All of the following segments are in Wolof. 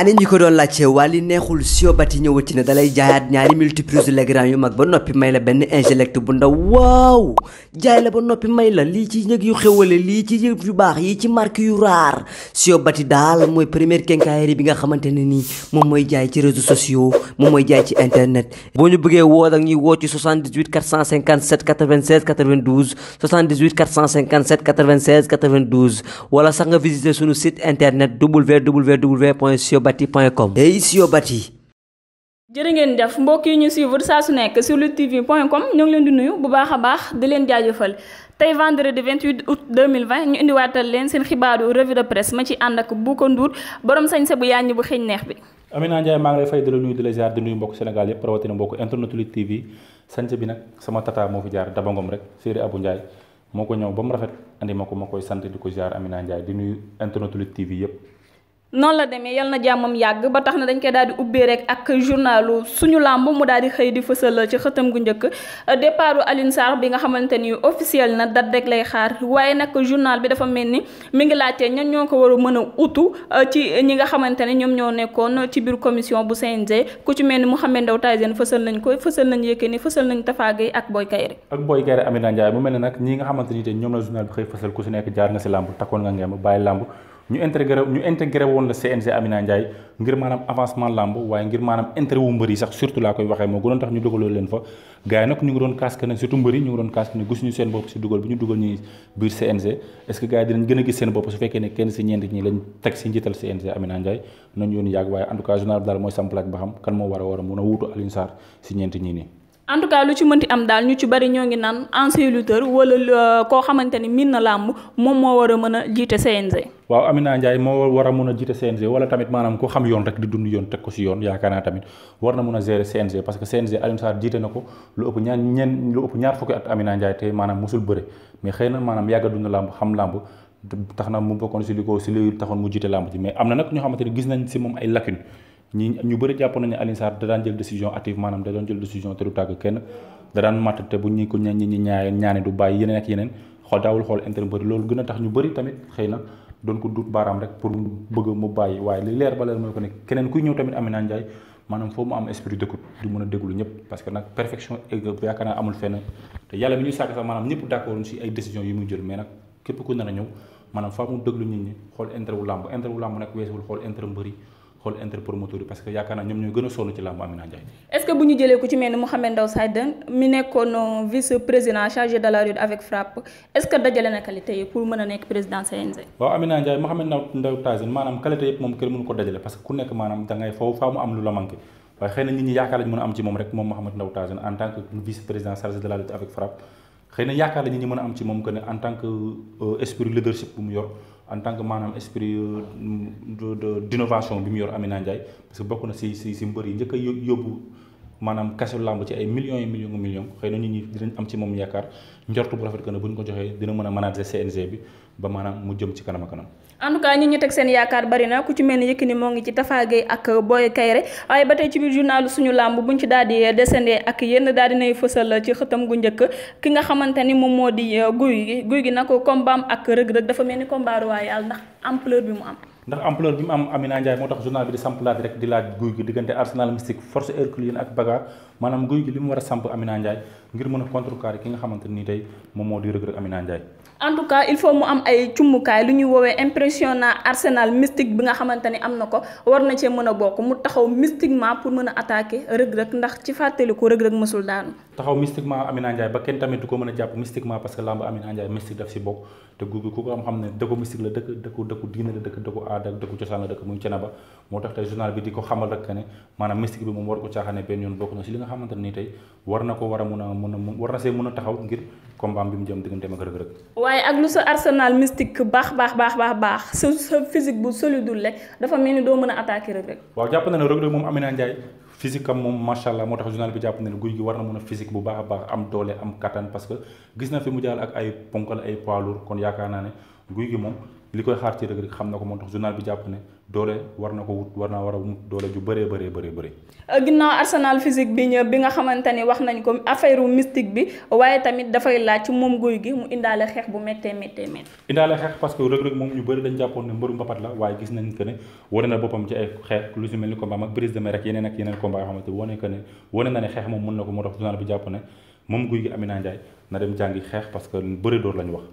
ani ñi ko doon la Wally neexul siobati ñëwati na dalay jaayaat ñaari multiprise Legrand yu mag ba noppi may la benn ingelect bu ndaw waaw jaay la ba noppi may la lii ci njëg yu xewale lii ci yëf yu baax yii ci marque yu raar siobati daal mooy première quincaillerie bi nga xamante ne nii moom mooy jaay ci réseaux sociaux moom mooy jaay ci internet boo ñu bëggee woo ak ñuy woo ci 78 457 96 92 78 457 96 92 wala sax nga visiter suñu siobati.com et siobati. jërë ngeen jëf mbokk yi ñu suivre saa su nekk sur Lutte TV point com ñoo leen di nuyu bu baax baax di leen jaajëfal tey vendredi 28 août 2020 ñu indiwaatal leen seen xibaaru revue de presse ma ci ànd ak Bouko Ndour borom sañse bu yaaññi bu xëñ neex bi. Amina Ndiaye maa ngi lay fay di nuyu di la di nuyu mbokk Sénégal yëpp rawatina mbokk internet Lutte TV sañse bi nag sama tata moo fi jaar Daba Ngom rek Serigne Abou Ndiaye moo noonu la demee yal na jàmmam yàgg ba tax na dañ koy daal di ubbee rek ak journalu suñu làmb mu daal di xëy di fësal ci xëtam gu njëkk départu Alioune Sarr bi nga xamante ni officiel na dat rek lay xaar waaye nag journal bi dafa mel ni mi ngi laajte ñan ñoo ko war a a utu euh, ci ñi nga xamante ne ñoom ñoo nekkoon ci biir commission bu CNG ku ci mel ni Mouhamed Ndao Tyson fësal nañ ko fësal nañ Yékini fësal nga xamante ni te ñoom la journal bi xëy fësal ku si nekk jaar nga si làmb takkoon nga ngem bàyyi làmb ñu intégré ñu intégré woon la CNG Amina Ndiaye ngir maanaam avancement làmb waaye ngir maanaam intérêt wu mbër yi sax surtout laa koy waxee moo gënoon tax ñu dugaloo leen fa gars nag ñu ngi doon casque ne surtout mbër yi ñu ngi doon casque ne gisuñu seen bopp si dugal bi ñu dugal ñu biir CNG est-ce que gars gën a gis seen bopp su fekkee ne kenn si ñeent ñi lañ teg si njiital CNG Amina Ndiaye nañ yoon yàgg waaye en tout cas journal bi daal mooy samplaaj ba xam kan a war a mun a wuutu Alioune Sarr si ñeent ñii en tout cas lu ci mënti am daal ñu ci bari ñoo ngi naan ancien lutteur wala euh, koo xamante ni miin na làmb moom moo war a mën a jiite CNG. waaw Amina Ndiaye moo war a mën a jiite CNG wala tamit maanaam ku xam yoon rek di dund yoon teg ko si yoon yaakaar naa tamit war na mën a gérer CNG parce que CNG Alioune Sarr jiite na ko lu ëpp ñaar ñeen lu ëpp ñaar fukki at Amina Ndiaye te maanaam mosul bëre mais xëy na maanaam yàgg a dund làmb xam làmb. tax na mu bokkoon si li ko si li taxoon mu jiite làmb ji nag ñoo xamante ne gis nañ si moom ay ñi ñu bëri jàpp nañu Alioune Sarr da daan jël décision active maanaam da doon jël décision te du tàgg kenn da daan te bu ñu ko ña ñi ñi ñaane du bàyyi yeneen ak yeneen xool daawul xool intérêt bëri loolu gën a tax ñu bëri tamit xëy na doon ko duut baaraam rek pour bëgg mu bàyyi waaye li leer ba leer mooy ko ne keneen kuy ñëw tamit Amina Ndiaye maanaam foo mu am esprit d'écoute di mën a déglu ñëpp parce que nag perfection yaakaar naa amul fenn te yàlla mi ñu sàkk ay décision yi muy jël mais nag képp ku nar a ñi xool intérêt wu làmb intérêt wu làmb xool intérêt promoteur yi parce que yaakaar naa ñoom ñoo gën a sonn ci làmb Amina Ndiaye. est bu ñu jëlee ku ci mel ni Mouhamed Ndao Saydane nekkoon vice président chargé de la lutte avec frappe est dajale na qualité yi pour mën a nekk président CNG. waaw Amina Ndiaye Mouhamed Ndao Saydane maanaam qualité yëpp moom kenn mënu ko dajale parce que ku nekk maanaam da faw faa mu am lu la waaye xëy nit ñi yaakaar lañ mën a am ci moom rek moom Mouhamed xëy na yaakaar la ñu mën a am ci moom que ne en tant que euh, esprit leadership bu mu yor en tant que maanaam esprit euh, de d'innovation bi mu yor Amina Ndiaye parce que bokk na si si si mbër yi njëkk a yóbbu maanaam kasu làmb ci ay millions yi million xëy na nit ñi dinañ am ci moom yaakaar njortu bu rafet que ne bu ñu ko joxee dina mën a manager CNG bi ba maanaam mu jëm ci kanam a kanam. en tout cas ñi ñu teg seen yaakaar bari na ku ci mel ni Yékini moo ngi ci Tapha ak Boy Kayre waaye ba tey ci biir journal suñu làmb buñ ci daal di descendre ak yénn daal dinay fësal ci xëtam gu njëkk ki nga xamante ni moom moo di euh, guy gi guy gi nag combat am ak rëg-rëg dafa mel ni combat royal ndax ampleur bi mu am ndax ampleur bi mu am Amina Ndiaye moo tax journal bi di samp laaj rek di laaj guy gi diggante Arsenal mystique force herculéenne mu war a samp Amina Ndiaye ngir ki nga xamante nii tey moom moo di rëg-rëg Amina en tout cas il faut mu am ay cummukaay lu ñuy woowee impressionnant arsenal mystique bi nga xamante ni am na ko war na cee a bokk mu taxaw mystiquement pour mën a attaquer rëg-rëg ndax ci fàttaliku rëg-rëg a na si li nga xamante a mun a a war na see mën a taxaw ngir combat bi mu jëm digganteem ak rëg-rëg waaye ak lu sa arsenal mystique baax baax baax baax baax sa sa physique bu solide rek dafa mel ni doo mën a attaquer rek rek. waaw jàpp na ne rek rek moom Amina Ndiaye physique am moom macha allah moo tax journal bi jàpp na ne guy gi war na mën a physique bu baax a baax am doole am kattan parce gis na fi mu jàll ak ay ponkal ay poids kon yaakaar naa ne guy gi moom li koy xaar ci rek rek xam na ko moo tax journal bi jàpp ne. doole war na ko wut war naa war a wut doole ju bëree bëree bëri bëri. Euh, ginnaaw arsenal physique bi ñë bi nga xamante ni wax nañ ko affaire mystique bi waaye tamit dafay laaj ci moom guy gi mu indaale xeex bu méttee méttee méttee. indaale xeex parce ñu bëri dañ jàppoon ne mbëru mbapat la waaye gis nañ que ne wane na boppam ci ay xeex ni combat mag prise de mer rek yeneen ak yeneen combat yoo xamante wane que ne wane na ne xeex moom na ko moo tax journal bi jàpp ne moom guy gi Amina Ndiaye na dem jàngi xeex parce que bëri door lañ wax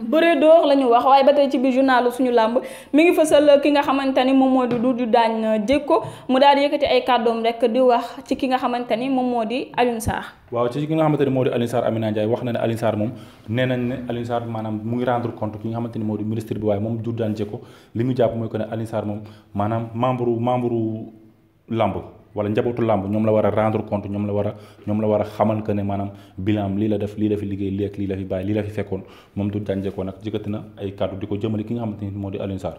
bëre d'or la ñu wax waaye ba tey ci biir journalu suñu làmb mi ngi fa fësal ki nga xamante ni moom moo di Doudou Diagne Diécko mu daal di yëkkati ay kàddoom rek di wax ci ki nga xamante ni moom moo di Alioune Sarr. waaw ci ki nga xamante ni moo di Alioune Sarr Amina Ndiaye wax na ne Alioune moom nee nañ ne maanaam mu ngi rendre compte ki nga xamante ni moo di ministre bi waaye moom Doudou Diagne Diécko li mu jàpp mooy que ne Alioune moom maanaam membre membre làmb. wala njabootu làmb ñoom la war a rendre compte ñoom la war a ñoom la war a xamal que ne maanaam bilan lii la def lii la fi liggéey lii ak lii la fi bàyyi lii la fi fekkoon moom du jànjee ko nag jëkkati na ay kàddu di ko jëmale ki nga xamante ni moo di Alioune Sarr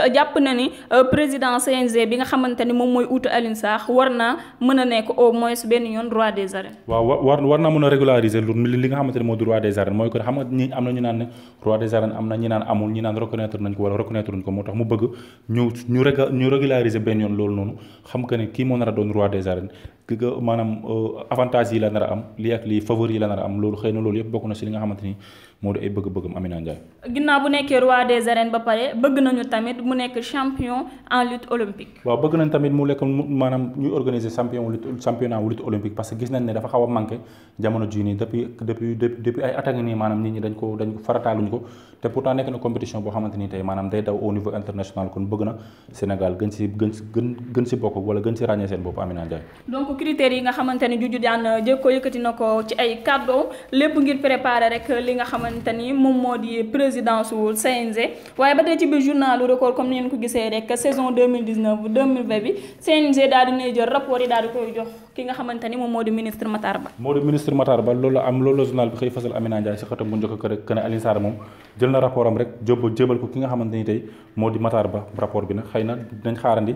Euh, jàpp na ni euh, président CNG bi nga xamante ni moom mooy uutu Alioune Sarr war naa mën a nekk au moins benn yoon roi des arènes. waaw war war naa mën a régulariser lu li nga xamante ne moo di roi des arènes mooy ko xam nga ñi am na ñu naan ne roi des arènes am na ñi naan amul ñi naan reconnaître nañ ko wala reconnaître nañ ko moo tax mu bëgg ñu ñu régulariser benn yoon loolu noonu xam que ne kii moo nar a doon roi des arènes ki que maanaam euh, avantage yi la nar a am lii ak lii faveur la nar am loolu xëy na loolu yëpp bokk na si li nga xamante ni moo di ay bëgg-bëggam na Ndiaye. ginnaaw bu nekkee roi des arènes ba pare bëgg nañu tamit mu nekk champion en lutte olympique. waaw bëgg nañ tamit mu nekk maanaam ñuy organiser champion lutte lutte olympique parce que gis nañ ne dafa xaw a manqué jamono jii nii depuis depuis depuis ay at a ngi nii maanaam nit ñi dañ ko dañ ko te pourtant nekk na compétition boo xamante ni tey maanaam day daw au si bokk wala gën si ràññee seen bopp Amina Ndiaye critères yi nga xamante ni Doudou Diagne euh, Diécko yëkkati na ko ci ay kàddoom lépp ngir préparer rek li nga xamante ni moom moo di présidence wu CNG waaye ba tey ci biir journalu record comme ni ngeen ko gisee rek saison ki nga xamante ni moom moo moo di ministre Matar Ba loolu am loolu journal bi xëy fasal Amina Ndiaye si bu njëkk ko rek que ne Alioune moom jël na rapport am rek jób jébal ko ki nga xamante tey moo di Matar Ba rapport bi nag xëy na dinañ xaarandi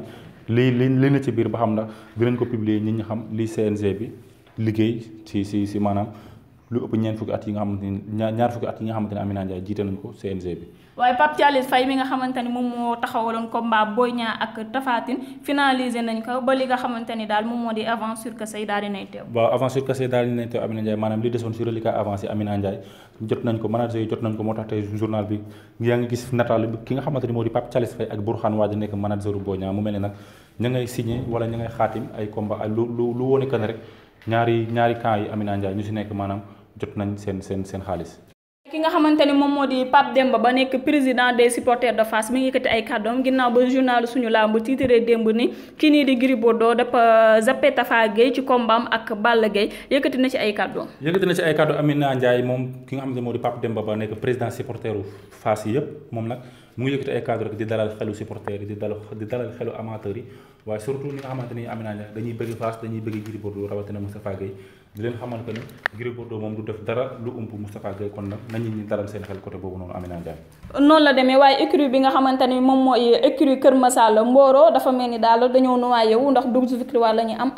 lii li li na ci biir ba xam ndax dinañ ko publier nit ñi xam lii CNG bi liggéey si si si maanaam lu ëpp ñeent fukki at yi nga xamante ni ñaar fukki at yi nga xamante ne Amina Ndiaye jiite nañ ko CNG bi waaye Pape Thialis Faye mi nga xamante ni moo taxawaloon combat Boy Niang ak Tapha Tine finalisé nañ ko ba li nga xamante ni daal moom moo di avance sur kase yi daal di nay teew waaw avance sur kase desoon sur reliquat avance yi Amina Ndiaye jot ko manager yi jot ko moo tax tey journal bi yaa ngi gis nataal bi ki nga xamante ni moo di Pape Thialis Faye ak Bourkhane Wade nekk manageru Boy Niang ne nag ña ngay wala ña ngay xaatim ay combat lu lu lu woone kan ñaari ñaari camps yi Amina ñu si nekk maanaam jot nañ seen seen seen xaalis ki nga xamante ni moom moo di Pape Demba ba nekk président des supporters de Fass mi ngi yëkkati ay kàddoom ginnaaw ba journal suñu làmb tiitaree démb ni kii nii di Gris Bordeaux dafa zappé Tafa Gueye ci kombaam ak Balla Gueye yëkkati na ci ay kàddoom yëkkati na ci ay kàddu Amina Ndiaye moom ki nga xamante moo di Pape Demba ba nekk président supporteru Fass yi yëpp moom nag mu ngi yëkkati ay kàddu di dalal xelu supporters yi di dalal xelu amateurs yi waaye xamante ni Amina di leen xamal que ni Gris moom du def dara lu ump Moustapha Gueye kon nag nañu ñi dalal seen xel côté boobu noonu Amina Ndiaye. noonu la demee waaye écurie bi nga xamante ni moom mooy écurie Kër Massala Mboro dafa mel ni daal dañoo noyyi yow ndax 12 victoire la ñuy am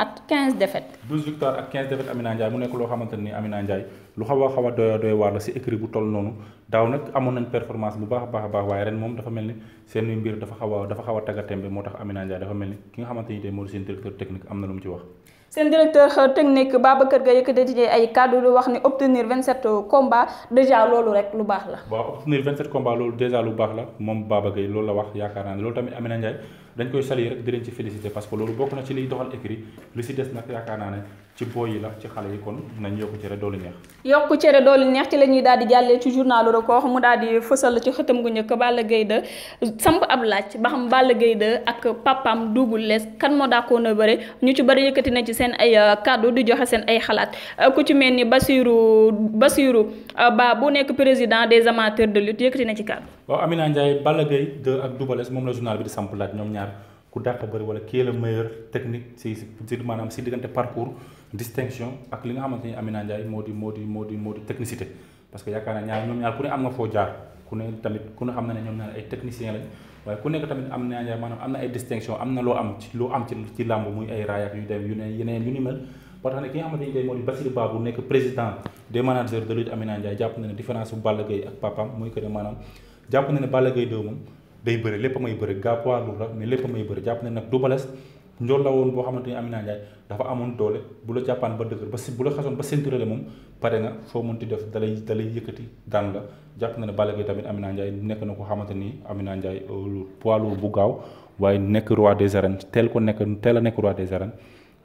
Amina Ndiaye nekk loo xamante ni Amina Ndiaye lu xaw a xaw a doy doy waar la si écurie bu toll noonu daaw nag amoon nañ performance bu baax a baax a baax waaye ren moom dafa mel ni seen mbir dafa xaw a dafa xaw a taggatémbe moo tax Amina Ndiaye dafa mel ni ki nga xamante moo di seen directeur technique am na seen directeur technique Babacar Gueye yëkkati ci ay kàddu lu wax ni obtenir 27 combats déjà loolu rek lu baax la. waaw obtenir 27 combats loolu déjà lu baax la moom Babacar Gueye loolu la wax yaakaar naa ne loolu tamit na Ndiaye dañ koy saluer rek di ci féliciter parce que loolu bokk na ci liy doxal écrit li si des nag yaakaar naa ne. ci booy yi la ci xale yi kon nañ yokk cere doolu neex yokku ci la ñuy daal di jàllee ci journalu record mu daal di fësal ci xëtam gu njëkk Balla gay 2 samp ab laaj ba xam Balla Gaye ak papam Double Less kan moo daakoon a bëre ñu ci bëri yëkkati na ci seen ay euh, kàddu di joxe seen ay xalaat euh, ku ci mel ni Basirou Basirou euh, Ba bu nekk président des amateurs de lutte yëkkati ci kàddu waaw Amina Ndiaye Balla moom la journal bi di samp laaj ñoom ñaar ku dàq bëri wala kii la meilleur technique si si maanaam si diggante parcours distinction ak li nga xamante ni Amina moo di moo di moo di moo di technicité parce que yaakaar naa ñaar ñoom ñaar ku ne am nga foo jaar ku ne tamit ku ne xam na ne ñoom ñaar ay technicien lañ waaye ku nekk tamit am na Ndiaye am na ay distinction am na loo am ci loo am ci ci làmb muy ay raay yu ne yeneen yu ni mel ba tax ne ki nga xamante ni tey moo di nekk président des managers de lutte Amina jàpp na ne différence bu Balla Gaye ak papam na ne Balla Gaye lépp a may bëre gaa poids a may njool la woon boo xamante ni Amina Ndiaye dafa amoon doole bu la jàppaan ba dëgër ba si bu la xasoon ba ceinture la moom pare nga foo mën ti def dalay dalay yëkkati daan la jàpp na ne Balla Gaye tamit Amina Ndiaye nekk na ko xamante ni Amina Ndiaye euh, poids lourd bu gaaw waaye nekk roi des arènes teel ko nekk teel a nekk roi des arènes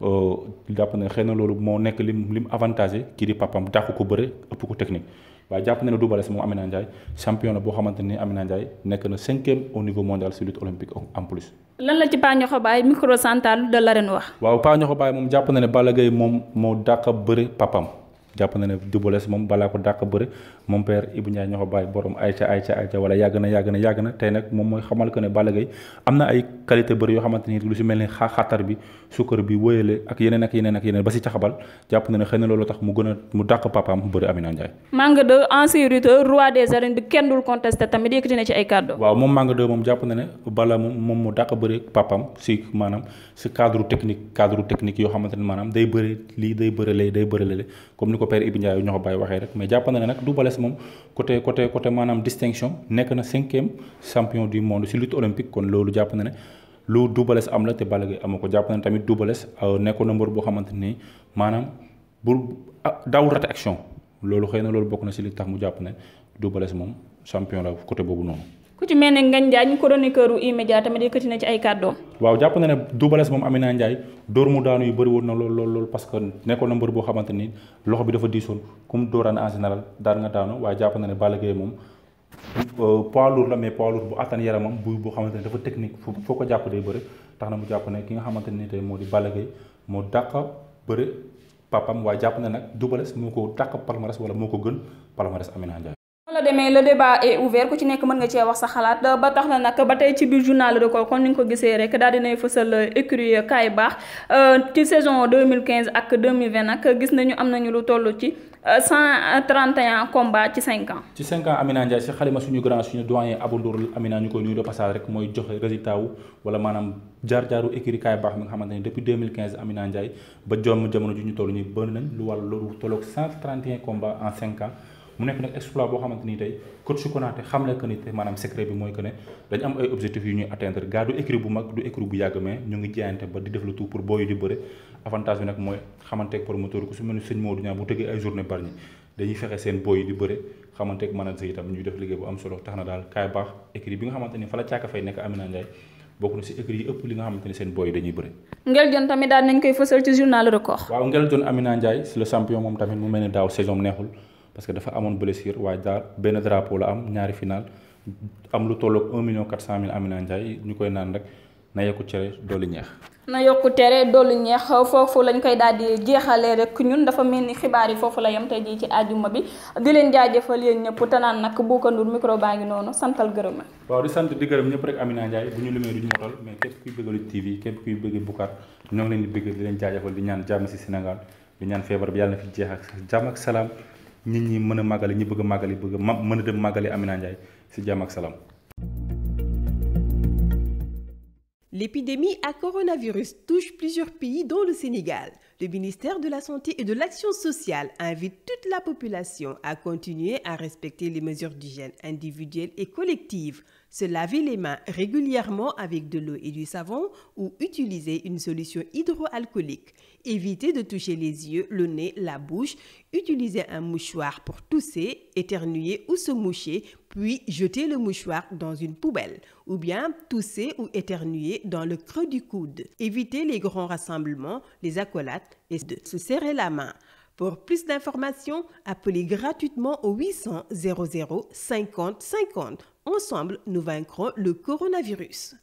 euh, jàpp na xëy na loolu moo nekk lim lim avantagé kii di papam dàq ko bari ëpp ko technique waaye jàpp na ne Double Less moom Amina Ndiaye champion la boo xamante ni Amina Ndiaye nekk na cinquième au niveau mondial si lutte olympique en plus. lan la ci Paa Ñoxobaay micro central de l'arène wax. waaw Paa Ñoxobaay moom jàpp na ne Balla Gaye moom moo dàq bëre papam jàpp na ne Double Less moom balaa ko dàq bëre mon père Ibou Ndiaye ñoo ko bàyyi borom ayca ayca ayca wala yàgg na yàgg na yàgg na tey nag moom mooy xamal que ne Balla Gaye am na ay qualité bëri yoo xamante ak yeneen na ne xëy a moom moom mu dàq bëri si maanaam si cadre technique cadre technique yoo xamante ne day bëri lii day bëri lay day bëri lay comme ni ko père Ibou Ndiaye ñoo ko waxee rek mais jàpp nag du bales moom côté côté côté maanaam distinction nekk na cinquième champion du monde si lutte olympique kon loolu jàpp na ne lu Double am la te Balla Gaye amoo ko jàpp na ne tamit Double Less euh, nekkoon na mbër boo xamante ni maanaam bu ah, daawul rate action loolu xëy na loolu bokk na si li tax mu jàpp ne Double Less moom champion la côté boobu noonu. ku ci mel ne Ngagne Ndiaye ñu chroniqueur u E-Media tamit yëkkati na ci ay kàddoom waaw jàpp na ne dubales moom Amina Ndiaye dóor mu daanu yu bëri woon na lool lool parce que nekkoon na mbër boo xamante ni loxo bi dafa diisoon comme dóoraan en général daan nga daanu waaye jàpp na ne Balla moom euh, poids lourd la mais poids lourd bu attan yaramam bu boo xamante ne dafa technique foo ko jàpp day bëri tax na mu ne ki nga xamante ni moo di Balla Gaye moo dàq bëri papam jàpp na nag dubales moo ko dàq palmarès wala moo ko gën palmarès Amina Ndiaye la demee le débat est ouvert ku ci nekk mën nga cee wax sa xalaat ba tax na nag ba tey ci biir journal record kon ni nga ko gisee rek daal dinay fësal euh, écurie euh, kaay baax euh, ci saison 2015 ak 2020 nag gis nañu am nañu lu toll ci 131 combats ci 5 ans. ci 5 ans Amina Ndiaye si xalima suñu grand suñu doyen Abou Ndour Amina ñu koy nuyu de passage rek mooy joxe résultat wu wala maanaam jaar-jaaru écurie kaay baax mi nga xamante depuis Amina Ndiaye ba jomm jamono ju ñu toll nii bëri lu wàllu loolu tolloog 131 combats en mu nekk nag exploit boo xamante ni tey coach Konaté xam la que ni tey secret bi mooy que ne dañ am ay bi mooy xamanteeg promoteur dañuy fexe seen booy di bëre xamanteeg manager itam ñuy def liggéey bu am solo tax na daal kaay baax écrit bi nga xamante ni fa la càkk fay nekk Amina Ndiaye bokk na si écrit yi ëpp ni seen booy dañuy tamit daal nañ koy fësal ci journal record waaw Ngel Dione Amina Ndiaye moom tamit mu mel ni daaw saison neexul parce que dafa amoon blessure waaye daal benn drapeau la am ñaari final am lu tolloog 1 million 400 mille Amina Ndiaye ñu koy naan rek na yokku cere dooli ñeex. na yokku tere dooli ñeex foofu lañ koy daal di rek ñun dafa mel ni xibaar yi foofu la yem tey jii ci àjjuma bi di leen jaajëfal yéen ñëpp te naan nag Bouka santal gërëm la. waaw di sant di gërëm ñëpp rek Amina Ndiaye bu ñu lumee du ñu mais képp kuy bëgg Lutte TV képp kuy bëgg Boucar ñoo leen bëgg di leen jaajëfal ñaan jàmm si Sénégal di yàlla fi jeex nit ñi mën a màggali ñi bëgg a màggali ma mën a dem màggali Amina Ndiaye si jàmm ak salaam. L'épidémie à coronavirus touche plusieurs pays dont le Sénégal. Le ministère de la Santé et de l'Action sociale invite toute la population à continuer à respecter les mesures d'hygiène individuelles et collectives, se laver les mains régulièrement avec de l'eau et du savon ou utiliser une solution hydroalcoolique. Évitez de toucher les yeux, le nez, la bouche. utiliser un mouchoir pour tousser, éternuer ou se moucher, puis jetez le mouchoir dans une poubelle. Ou bien tousser ou éternuer dans le creux du coude. Évitez les grands rassemblements, les accolades et de se serrer la main. Pour plus d'informations, appelez gratuitement au 800 00 50 50. Ensemble, nous vaincrons le coronavirus.